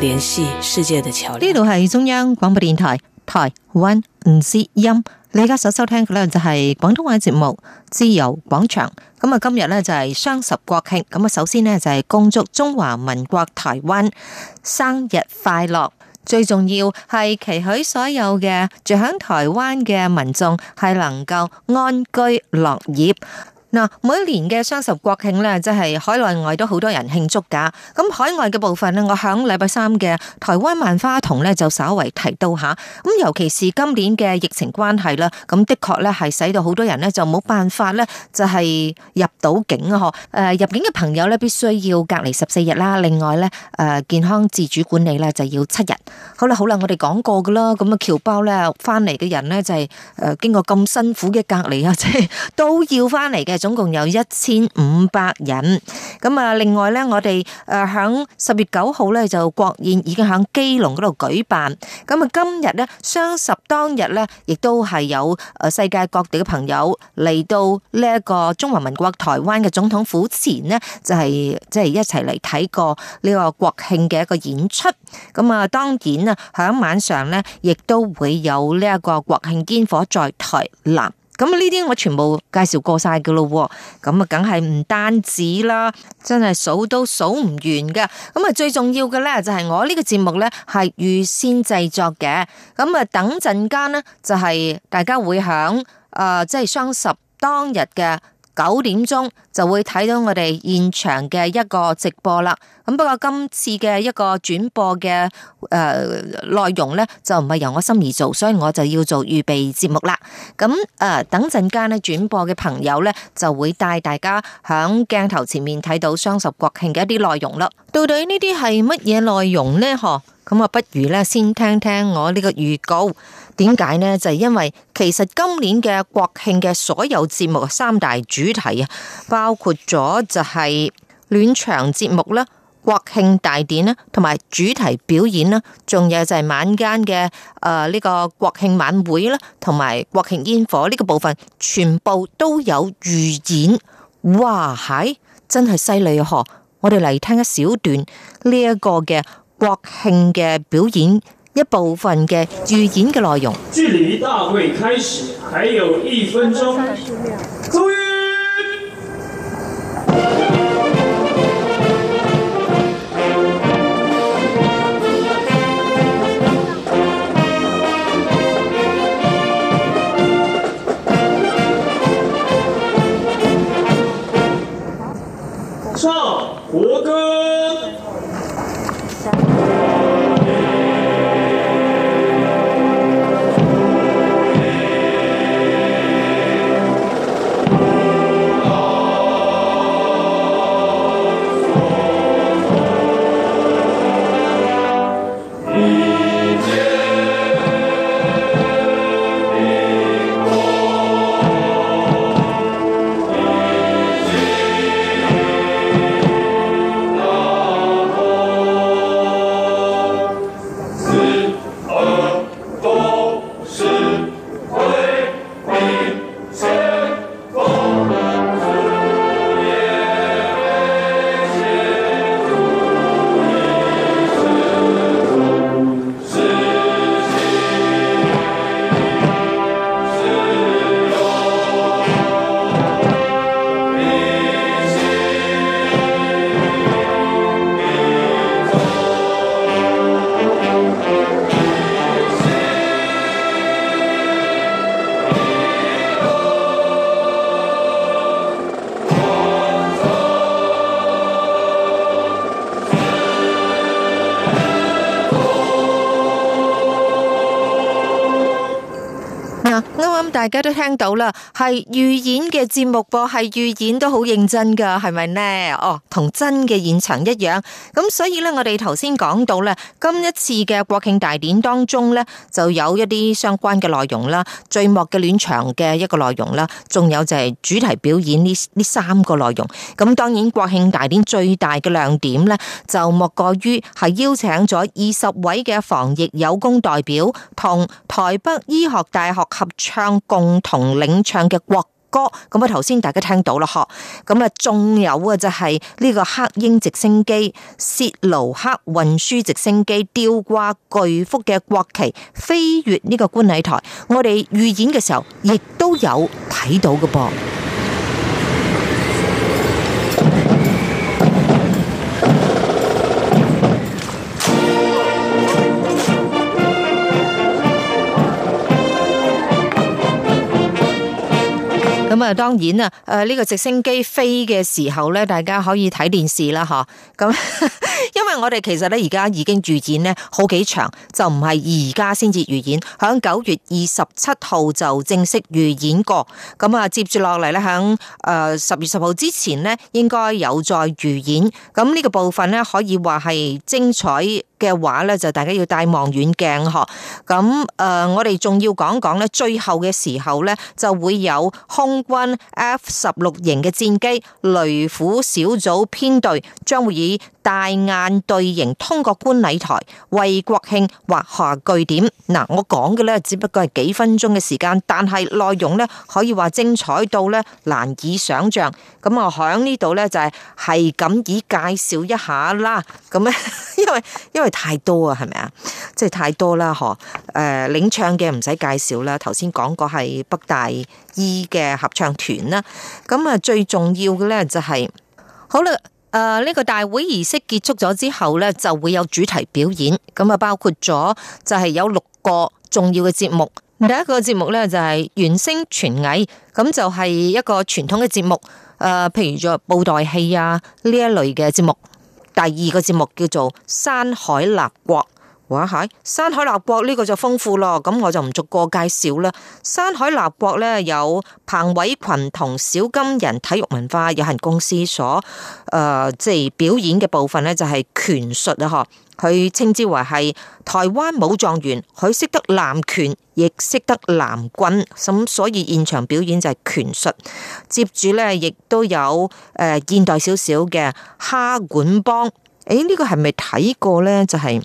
聯繫世界的橋樑，呢度係中央廣播電台台灣之音，你而家所收聽嘅呢就係廣東話節目《自由廣場》。咁啊，今日呢就係雙十國慶，咁啊，首先呢就係恭祝中華民國台灣生日快樂。最重要係期許所有嘅住喺台灣嘅民眾係能夠安居樂業。嗱，每一年嘅雙十國慶咧，即係海內外都好多人慶祝㗎。咁海外嘅部分呢，我響禮拜三嘅台灣萬花筒呢，就稍微提到下。咁尤其是今年嘅疫情關係啦，咁的確咧係使到好多人呢，就冇辦法咧就係入到境呵。誒入境嘅朋友咧必須要隔離十四日啦。另外咧誒健康自主管理咧就要七日。好啦好啦，我哋講過㗎啦。咁啊，僑胞咧翻嚟嘅人呢，就係誒經過咁辛苦嘅隔離啊，即 係都要翻嚟嘅。總共有一千五百人。咁啊，另外咧，我哋誒響十月九號咧就國宴已經響基隆嗰度舉辦。咁啊，今日咧雙十當日咧，亦都係有誒世界各地嘅朋友嚟到呢一個中華民國台灣嘅總統府前咧，就係即係一齊嚟睇過呢個國慶嘅一個演出。咁啊，當然啊，響晚上咧亦都會有呢一個國慶煙火在台南。咁呢啲我全部介紹過晒噶咯，咁啊梗係唔單止啦，真係數都數唔完噶。咁啊最重要嘅，呢，就係我呢個節目呢係預先製作嘅，咁啊等陣間呢，就係大家會響誒即係雙十當日嘅。九點鐘就會睇到我哋現場嘅一個直播啦。咁不過今次嘅一個轉播嘅誒內容呢，就唔係由我心怡做，所以我就要做預備節目啦。咁誒、呃，等陣間呢轉播嘅朋友呢，就會帶大家響鏡頭前面睇到雙十國慶嘅一啲內容啦。到底呢啲係乜嘢內容呢？嗬，咁啊，不如呢，先聽聽我呢個預告。點解呢？就係因為其實今年嘅國慶嘅所有節目三大主題啊，包括咗就係暖場節目啦、國慶大典啦、同埋主題表演啦，仲有就係晚間嘅誒呢個國慶晚會啦，同埋國慶煙火呢個部分，全部都有預演。哇嗨，真係犀利啊！我哋嚟聽一小段呢一個嘅國慶嘅表演。一部分嘅預演嘅內容。距離大會開始，還有一分鐘。大家都聽到啦，係預演嘅節目噃，係預演都好認真噶，係咪呢？哦，同真嘅現場一樣，咁所以咧，我哋頭先講到咧，今一次嘅國慶大典當中咧，就有一啲相關嘅內容啦，序幕嘅暖場嘅一個內容啦，仲有就係主題表演呢呢三個內容。咁當然國慶大典最大嘅亮點咧，就莫過於係邀請咗二十位嘅防疫有功代表同台北醫學大學合唱。共同領唱嘅國歌，咁啊頭先大家聽到啦，嗬，咁啊仲有啊就係呢個黑鷹直升機、契努克運輸直升機吊掛巨幅嘅國旗飛越呢個觀禮台，我哋預演嘅時候亦都有睇到嘅噃。咁當然啦，誒，呢個直升機飛嘅時候咧，大家可以睇電視啦，吓。咁，因為我哋其實咧而家已經預演呢好幾場，就唔係而家先至預演，響九月二十七號就正式預演過。咁啊，接住落嚟咧，響誒十月十號之前呢，應該有再預演。咁呢個部分咧，可以話係精彩嘅話咧，就大家要戴望遠鏡，嗬。咁誒，我哋仲要講講咧，最後嘅時候咧，就會有空。軍 F 十六型嘅戰機雷虎小組編隊將會以，大雁隊形通過觀禮台，為國慶畫下句點。嗱，我講嘅咧，只不過係幾分鐘嘅時間，但係內容咧，可以話精彩到咧難以想象。咁啊，響呢度咧就係係咁以介紹一下啦。咁咧，因為因為太多啊，係咪啊？即係太多啦，嗬。誒，領唱嘅唔使介紹啦，頭先講過係北大醫嘅合唱團啦。咁啊，最重要嘅咧就係好啦。誒，呢、uh, 個大會儀式結束咗之後呢，就會有主題表演咁啊，包括咗就係有六個重要嘅節目。第一個節目呢，就係、是、原聲傳藝，咁就係一個傳統嘅節目，譬、呃、如做布袋戲啊呢一類嘅節目。第二個節目叫做山海立國。哇！山海立博呢個就豐富咯，咁我就唔逐個介紹啦。山海立博呢，有彭偉群同小金人體育文化有限公司所，誒，即係表演嘅部分呢，就係拳術啊，嗬。佢稱之為係台灣武狀元，佢識得南拳，亦識得南棍，咁所以現場表演就係拳術。接住呢，亦都有誒現代少少嘅哈管幫。誒，呢個係咪睇過呢？就係。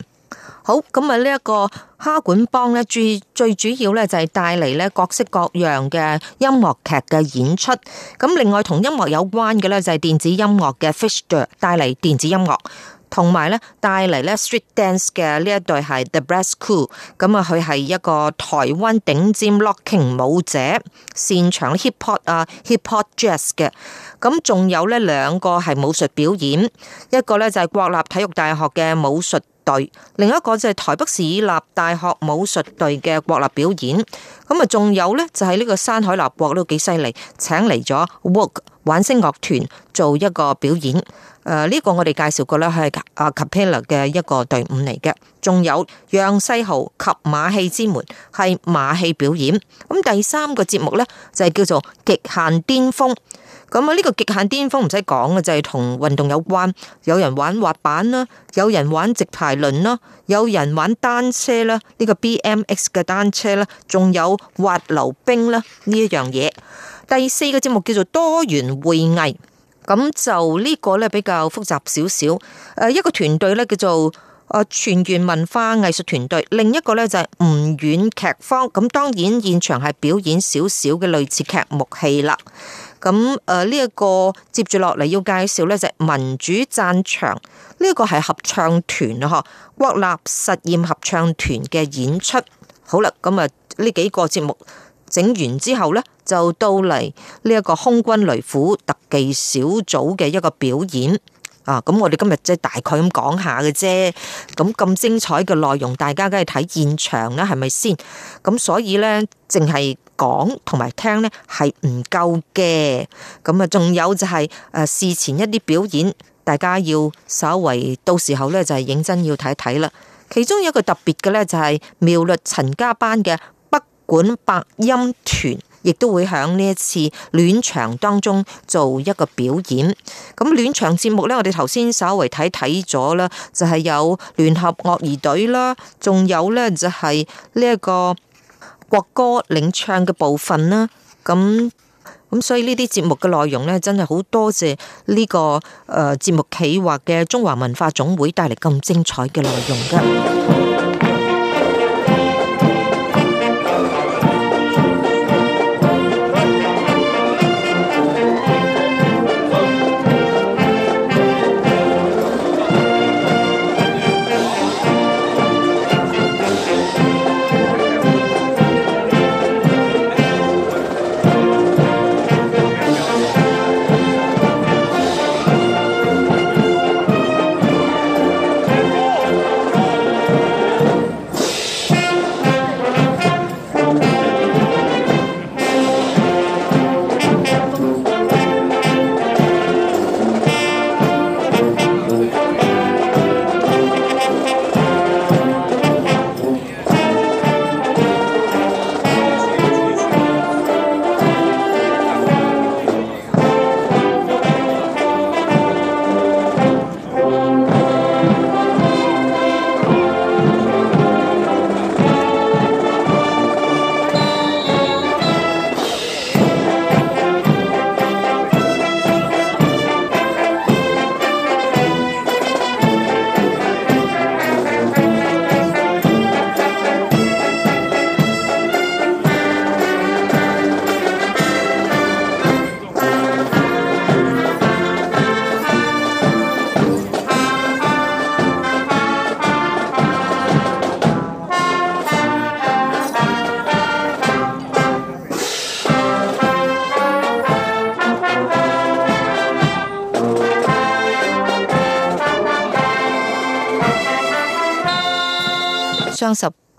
好咁啊！呢一個哈管幫咧，最最主要咧就係帶嚟咧各式各樣嘅音樂劇嘅演出。咁另外同音樂有關嘅咧就係、是、電子音樂嘅 Fisher 帶嚟電子音樂，同埋咧帶嚟咧 Street Dance 嘅呢一對係 The Brass Crew。咁啊，佢係一個台灣頂尖 locking 舞者，擅長 hip hop,、uh, hip hop 啊 hip hop jazz 嘅。咁仲有咧兩個係武術表演，一個咧就係、是、國立體育大學嘅武術。隊，另一個就係台北市立大學武術隊嘅國立表演。咁啊，仲有呢，就係呢個山海立國都幾犀利，請嚟咗 Walk 玩聲樂團，做一個表演誒，呢、呃，這個我哋介紹過呢係阿 Capella 嘅一個隊伍嚟嘅，仲有楊西豪及馬戲之門係馬戲表演。咁第三個節目呢，就係叫做極限巔峰。咁啊，呢個極限巔峰唔使講啦，就係、是、同運動有關，有人玩滑板啦，有人玩直排輪啦，有人玩單車啦，呢、這個 B M X 嘅單車啦，仲有滑溜冰啦呢一樣嘢。第四個節目叫做多元會藝，咁就呢個呢，比較複雜少少，誒，一個團隊呢，叫做。全園文化藝術團隊，另一個咧，就係吳苑劇方。咁當然現場係表演少少嘅類似劇目戲啦。咁誒，呢一個接住落嚟要介紹咧，就係民主贊場，呢、這、一個係合唱團啊，嗬，國立實驗合唱團嘅演出。好啦，咁啊呢幾個節目整完之後呢，就到嚟呢一個空軍雷虎特技小組嘅一個表演。啊，咁我哋今日即係大概咁講下嘅啫，咁咁精彩嘅內容，大家梗係睇現場啦，係咪先？咁所以呢，淨係講同埋聽呢，係唔夠嘅，咁啊仲有就係誒事前一啲表演，大家要稍為到時候呢就係認真要睇睇啦。其中有一個特別嘅呢，就係妙律陳家班嘅北管百音團。亦都會喺呢一次暖場當中做一個表演。咁暖場節目呢，我哋頭先稍微睇睇咗啦，就係有聯合樂儀隊啦，仲有呢，就係呢一個國歌領唱嘅部分啦。咁咁所以呢啲節目嘅內容呢，真係好多謝呢個誒節目企劃嘅中華文化總會帶嚟咁精彩嘅內容㗎。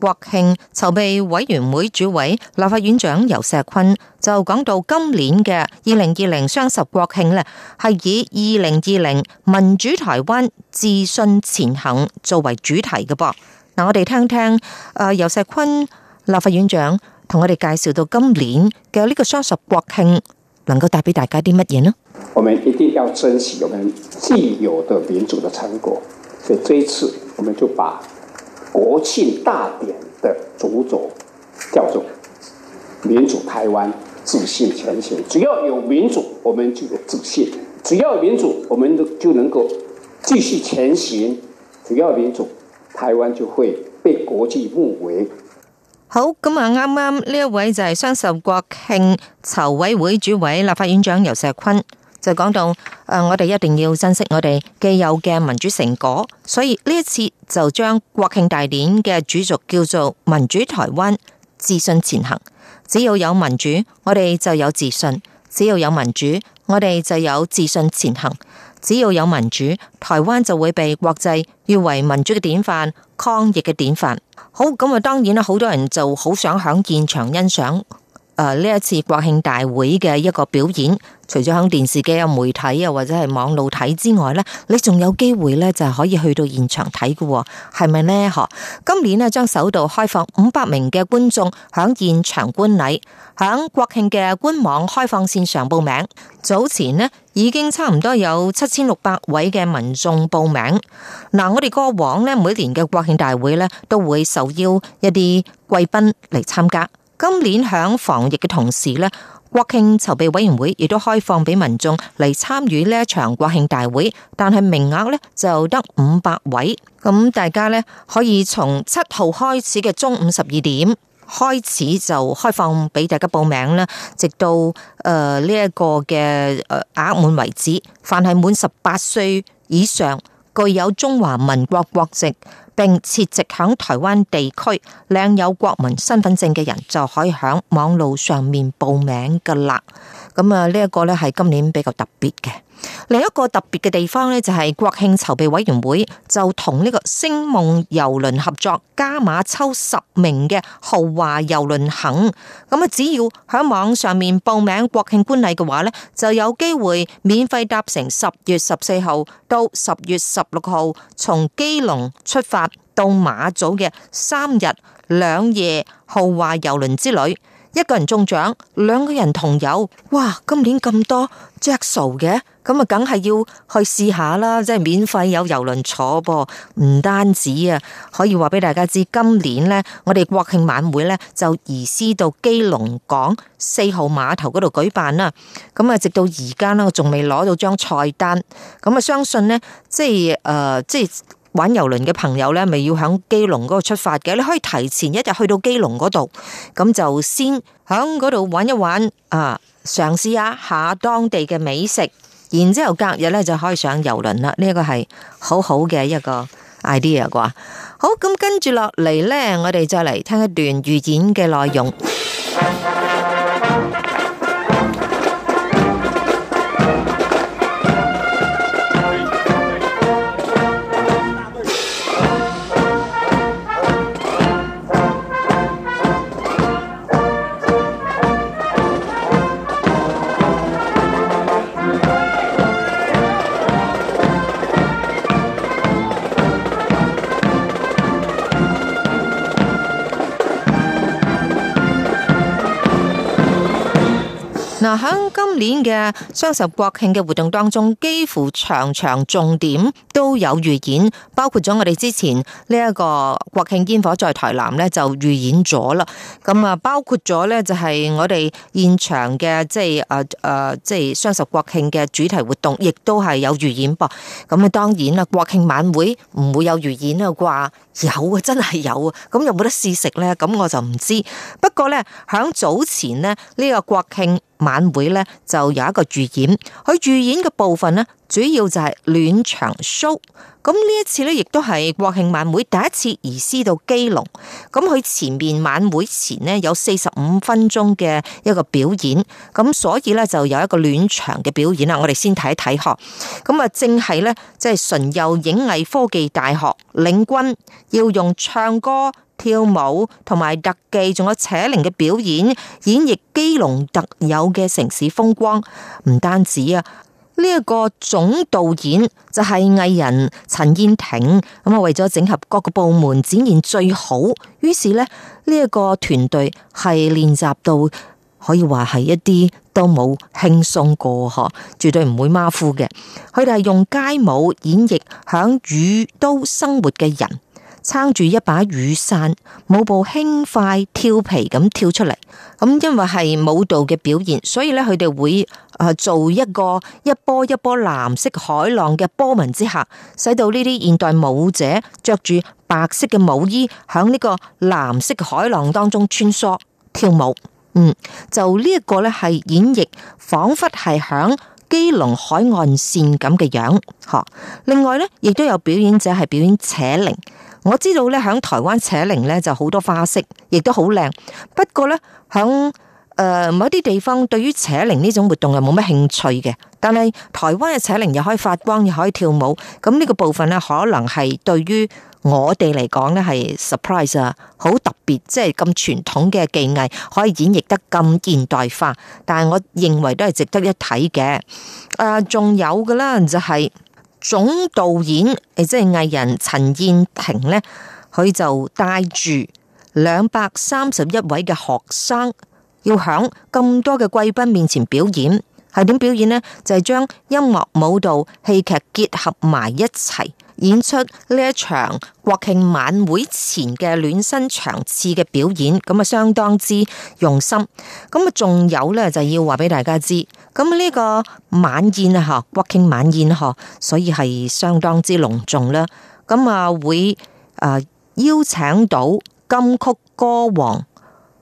國慶籌備委員會主委立法院長尤石坤就講到，今年嘅二零二零雙十國慶咧，係以二零二零民主台灣自信前行作為主題嘅噃。嗱，我哋聽聽誒、呃、尤石坤立法院長同我哋介紹到今年嘅呢個雙十國慶能夠帶俾大家啲乜嘢呢？我們一定要珍惜我們既有的民主的成果，所以這一次我們就把。國慶大典的主軸叫做民主台灣自信前行，只要有民主，我們就有自信；只要有民主，我們就能夠繼續前行。只要民主，台灣就會被國際包圍。好，咁啊，啱啱呢一位就係雙十國慶籌委會主委、立法院長游錫堃。就講到誒、呃，我哋一定要珍惜我哋既有嘅民主成果，所以呢一次就將國慶大典嘅主軸叫做民主台灣自信前行。只要有民主，我哋就有自信；只要有民主，我哋就有自信前行；只要有民主，台灣就會被國際譽為民主嘅典範、抗疫嘅典範。好，咁啊，當然啦，好多人就好想喺現場欣賞。誒，呢、啊、一次國慶大會嘅一個表演，除咗響電視機、媒體又或者係網路睇之外呢，你仲有機會呢就係可以去到現場睇嘅、哦，係咪呢？嗬、啊，今年咧將首度開放五百名嘅觀眾響現場觀禮，響國慶嘅官網開放線上報名。早前呢已經差唔多有七千六百位嘅民眾報名。嗱、啊，我哋過往呢每年嘅國慶大會呢都會受邀一啲貴賓嚟參加。今年喺防疫嘅同時呢，國慶籌備委員會亦都開放俾民眾嚟參與呢一場國慶大會，但係名額呢就得五百位。咁大家呢，可以從七號開始嘅中午十二點開始就開放俾大家報名啦，直到誒呢一個嘅誒額滿為止，凡係滿十八歲以上，具有中華民國國籍，並設籍喺台灣地區、領有國民身份證嘅人，就可以喺網路上面報名㗎喇。咁啊，呢一個咧係今年比較特別嘅。另一個特別嘅地方咧，就係國慶籌備委員會就同呢個星夢遊輪合作，加碼抽十名嘅豪華遊輪行。咁啊，只要響網上面報名國慶觀禮嘅話咧，就有機會免費搭乘十月十四號到十月十六號，從基隆出發到馬祖嘅三日兩夜豪華遊輪之旅。一個人中獎，兩個人同遊，哇！今年咁多著數嘅，咁啊，梗係要去試下啦，即係免費有遊輪坐噃，唔單止啊，可以話俾大家知，今年呢，我哋國慶晚會呢，就移師到基隆港四號碼頭嗰度舉辦啦。咁啊，直到而家呢，我仲未攞到張菜單，咁啊，相信呢，即係誒、呃，即係。玩遊輪嘅朋友咧，咪要響基隆嗰度出發嘅，你可以提前一日去到基隆嗰度，咁就先響嗰度玩一玩啊，嘗試一下當地嘅美食，然之後隔日咧就可以上遊輪啦。呢個係好好嘅一個 idea 啩。好，咁跟住落嚟咧，我哋再嚟聽一段預演嘅內容。嗱，喺今年嘅雙十國慶嘅活動當中，幾乎場場重點都有預演，包括咗我哋之前呢一個國慶煙火在台南咧就預演咗啦。咁啊，包括咗咧就係我哋現場嘅即係啊啊，即係雙十國慶嘅主題活動，亦都係有預演噃。咁啊，當然啦，國慶晚會唔會有預演啊啩？有啊，真係有啊。咁有冇得試食咧？咁我就唔知。不過咧，喺早前呢，呢個國慶晚會咧就有一個預演，佢預演嘅部分呢，主要就係暖場 show。咁呢一次呢，亦都係國慶晚會第一次移師到基隆。咁佢前面晚會前呢，有四十五分鐘嘅一個表演，咁所以呢，就有一個暖場嘅表演啦。我哋先睇一睇嗬。咁啊，正係呢，即係崇右影藝科技大學領軍要用唱歌。跳舞同埋特技，仲有扯鈴嘅表演，演繹基隆特有嘅城市風光。唔單止啊，呢一個總導演就係藝人陳燕婷。咁啊，為咗整合各個部門展現最好，於是咧呢一個團隊係練習到可以話係一啲都冇輕鬆過，嗬，絕對唔會馬虎嘅。佢哋係用街舞演繹響雨都生活嘅人，撐住一把雨傘，舞步輕快，調皮咁跳出嚟。咁因為係舞蹈嘅表現，所以咧佢哋會誒做一個一波一波藍色海浪嘅波紋之下，使到呢啲現代舞者着住白色嘅舞衣，響呢個藍色海浪當中穿梭跳舞。嗯，就呢一個咧係演繹，仿佛係響基隆海岸線咁嘅樣。嗬，另外咧亦都有表演者係表演扯鈴。我知道咧，喺台灣扯鈴咧就好多花式，亦都好靚。不過咧，喺誒某啲地方，對於扯鈴呢種活動又冇乜興趣嘅。但係台灣嘅扯鈴又可以發光，又可以跳舞。咁呢個部分咧，可能係對於我哋嚟講咧係 surprise 啊，好特別，即係咁傳統嘅技藝可以演繹得咁現代化。但係我認為都係值得一睇嘅。誒、就是，仲有嘅啦，就係。總導演，即係藝人陳燕婷呢，佢就帶住兩百三十一位嘅學生，要響咁多嘅貴賓面前表演，係點表演呢？就係、是、將音樂、舞蹈、戲劇結合埋一齊。演出呢一場國慶晚會前嘅暖身場次嘅表演，咁啊相當之用心。咁啊仲有呢，就要話俾大家知，咁、這、呢個晚宴啊，吓，國慶晚宴吓，所以係相當之隆重啦。咁啊會邀請到金曲歌王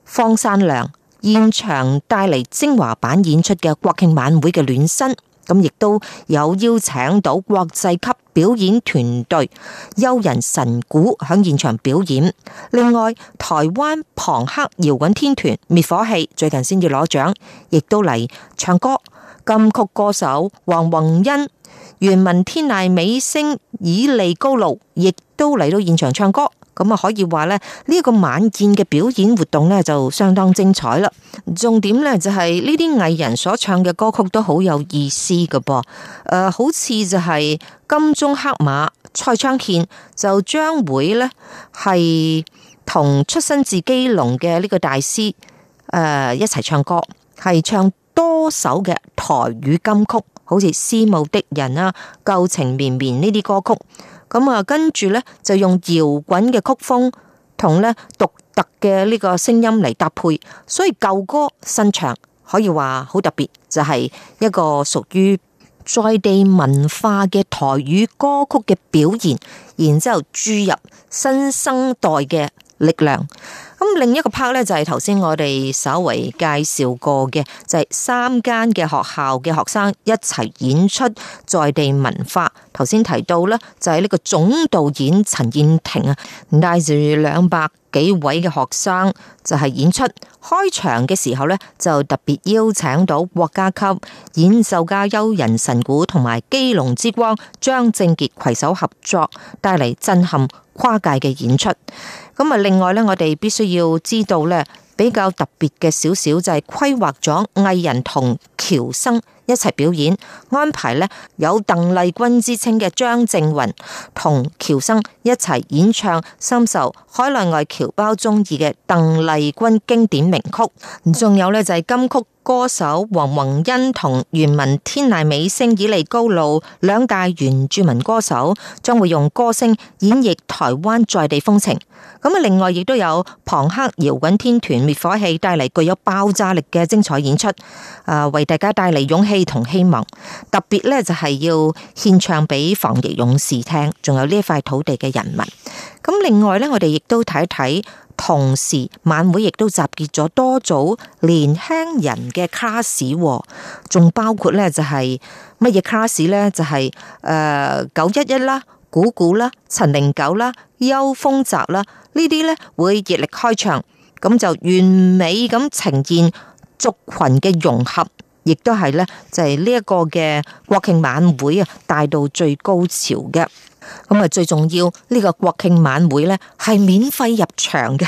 方山良現場帶嚟精華版演出嘅國慶晚會嘅暖身。咁亦都有邀請到國際級表演團隊優人神鼓響現場表演。另外，台灣龐克搖滾天團滅火器最近先至攞獎，亦都嚟唱歌。金曲歌手黃宏恩、原民天籟美聲以莉高露亦都嚟到現場唱歌。咁啊，可以話咧，呢、這個晚宴嘅表演活動咧就相當精彩啦。重點咧就係呢啲藝人所唱嘅歌曲都好有意思嘅噃。誒、呃，好似就係金鐘黑馬蔡昌憲就將會咧係同出身自基隆嘅呢個大師誒、呃、一齊唱歌，係唱多首嘅台語金曲，好似《思慕的人》啊，《舊情綿綿》呢啲歌曲。咁啊，跟住呢，就用搖滾嘅曲風同呢獨特嘅呢個聲音嚟搭配，所以舊歌新唱可以話好特別，就係一個屬於在地文化嘅台語歌曲嘅表現，然之後注入新生代嘅力量。咁另一個 part 咧，就係頭先我哋稍為介紹過嘅，就係三間嘅學校嘅學生一齊演出在地文化。頭先提到咧，就係呢個總導演陳燕婷啊，帶住兩百幾位嘅學生就係演出。開場嘅時候咧，就特別邀請到國家級演奏家優人神鼓同埋基隆之光張正傑攜手合作，帶嚟震撼跨界嘅演出。咁啊，另外咧，我哋必須。要知道咧，比較特別嘅少少就係規劃咗藝人同喬生一齊表演，安排呢有鄧麗君之稱嘅張靜雲同喬生一齊演唱深受海內外僑胞中意嘅鄧麗君經典名曲，仲有呢，就係金曲歌手黃宏恩同原民天籟美聲以莉高露兩大原住民歌手將會用歌聲演繹台灣在地風情。咁啊，另外亦都有龐克搖滾天團滅火器帶嚟具有爆炸力嘅精彩演出。啊，為大家帶嚟勇氣同希望，特別咧，就係要獻唱俾防疫勇士聽，仲有呢一塊土地嘅人民。咁另外咧，我哋亦都睇一睇，同時晚會亦都集結咗多組年輕人嘅 class，仲包括咧就係乜嘢 class 咧？就係誒九一一啦、古古啦、陳零九啦、邱鋒澤啦，呢啲咧會熱力開場，咁就完美咁呈現族群嘅融合。亦都係咧，就係呢一個嘅國慶晚會啊，帶到最高潮嘅。咁啊，最重要呢、這個國慶晚會咧係免費入場嘅，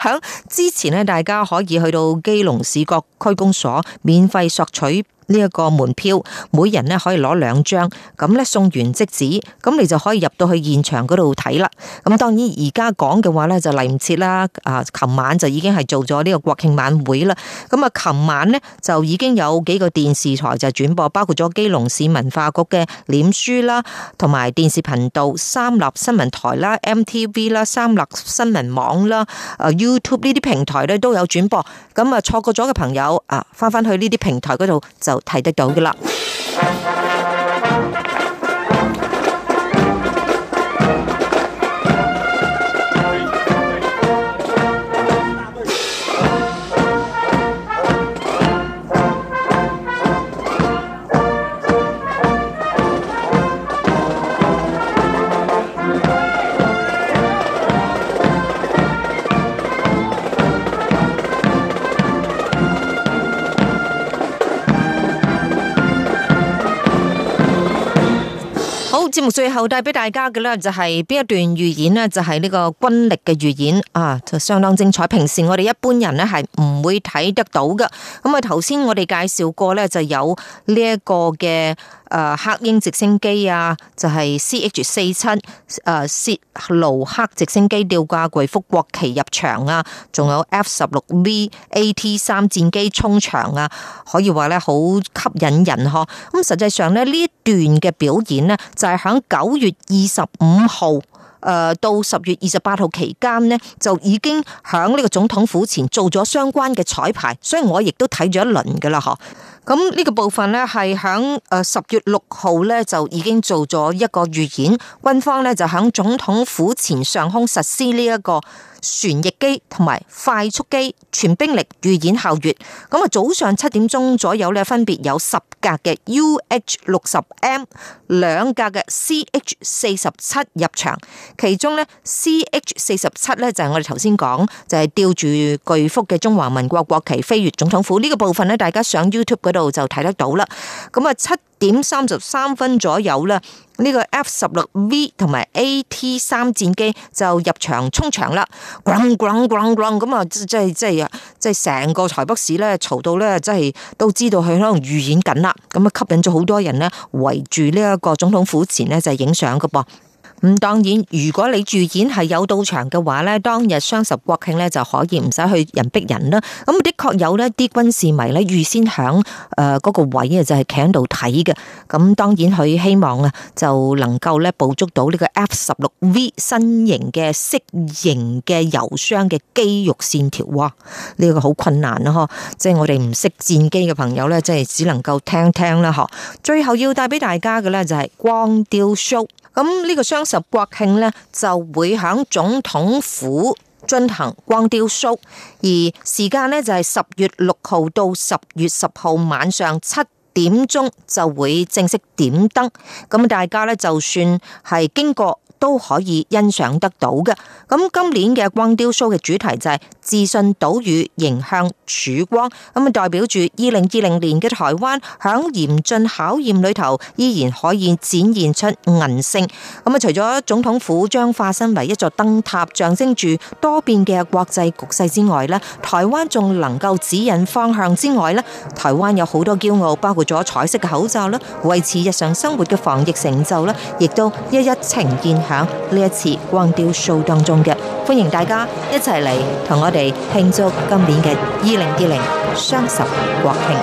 響 之前咧大家可以去到基隆市各區公所免費索取。呢一個門票，每人咧可以攞兩張，咁咧送完即止，咁你就可以入到去現場嗰度睇啦。咁當然而家講嘅話咧就嚟唔切啦。啊，琴晚就已經係做咗呢個國慶晚會啦。咁啊，琴晚咧就已經有幾個電視台就轉播，包括咗基隆市文化局嘅臉書啦，同埋電視頻道三立新聞台啦、MTV 啦、三立新聞網啦、啊 YouTube 呢啲平台咧都有轉播。咁啊，錯過咗嘅朋友啊，翻翻去呢啲平台嗰度就，睇得到噶啦。節目最後帶俾大家嘅呢，就係邊一段預演呢？就係呢個軍力嘅預演，啊，就相當精彩。平時我哋一般人呢係唔會睇得到㗎。咁啊，頭先我哋介紹過呢，就有呢一個嘅。誒黑鷹直升機啊，就係、是、CH 四七誒契努克直升機吊掛巨幅國旗入場啊，仲有 F 十六 V、AT 三戰機衝場啊，可以話咧好吸引人呵。咁、嗯、實際上咧呢一段嘅表演呢，就係喺九月二十五號誒到十月二十八號期間呢，就已經喺呢個總統府前做咗相關嘅彩排，所以我亦都睇咗一輪㗎喇呵。咁呢個部分咧，係響誒十月六號咧就已經做咗一個預演，軍方咧就響總統府前上空實施呢一個旋翼機同埋快速機全兵力預演校閱。咁啊，早上七點鐘左右咧，分別有十架嘅 UH 六十 M，兩架嘅 CH 四十七入場，其中咧 CH 四十七咧就係我哋頭先講，就係吊住巨幅嘅中華民國國旗飛越總統府呢個部分咧，大家上 YouTube 嘅度就睇得到啦，咁啊七點三十三分左右啦，呢個 F 十六 V 同埋 AT 三戰機就入場衝場啦，咣咣咣咣咁啊，即係即係即係成個台北市咧，嘈到咧，即係都知道佢可能預演緊啦，咁啊吸引咗好多人咧圍住呢一個總統府前咧就係影相噶噃。咁當然，如果你住演係有到場嘅話咧，當日雙十國慶咧就可以唔使去人逼人啦。咁的確有咧啲軍事迷咧預先響誒個位個、這個、啊，就係企喺度睇嘅。咁當然佢希望啊，就能夠咧捕捉到呢個 F 十六 V 新型嘅適型嘅油箱嘅肌肉線條哇，呢個好困難咯，呵！即係我哋唔識戰機嘅朋友咧，即係只能夠聽聽啦，嗬最後要帶俾大家嘅咧就係光雕 show。咁呢個雙。十國慶呢就會喺總統府進行光雕 show，而時間呢就係十月六號到十月十號晚上七點鐘就會正式點燈，咁大家呢就算係經過。都可以欣賞得到嘅。咁今年嘅光雕 show 嘅主題就係、是、自信島嶼迎向曙光，咁啊代表住二零二零年嘅台灣喺嚴峻考驗裏頭依然可以展現出韌性。咁啊除咗總統府將化身為一座燈塔，象徵住多變嘅國際局勢之外咧，台灣仲能夠指引方向之外咧，台灣有好多驕傲，包括咗彩色嘅口罩啦，維持日常生活嘅防疫成就咧，亦都一一呈現。呢一次光雕 show 當中嘅，歡迎大家一齊嚟同我哋慶祝今年嘅二零二零雙十國慶。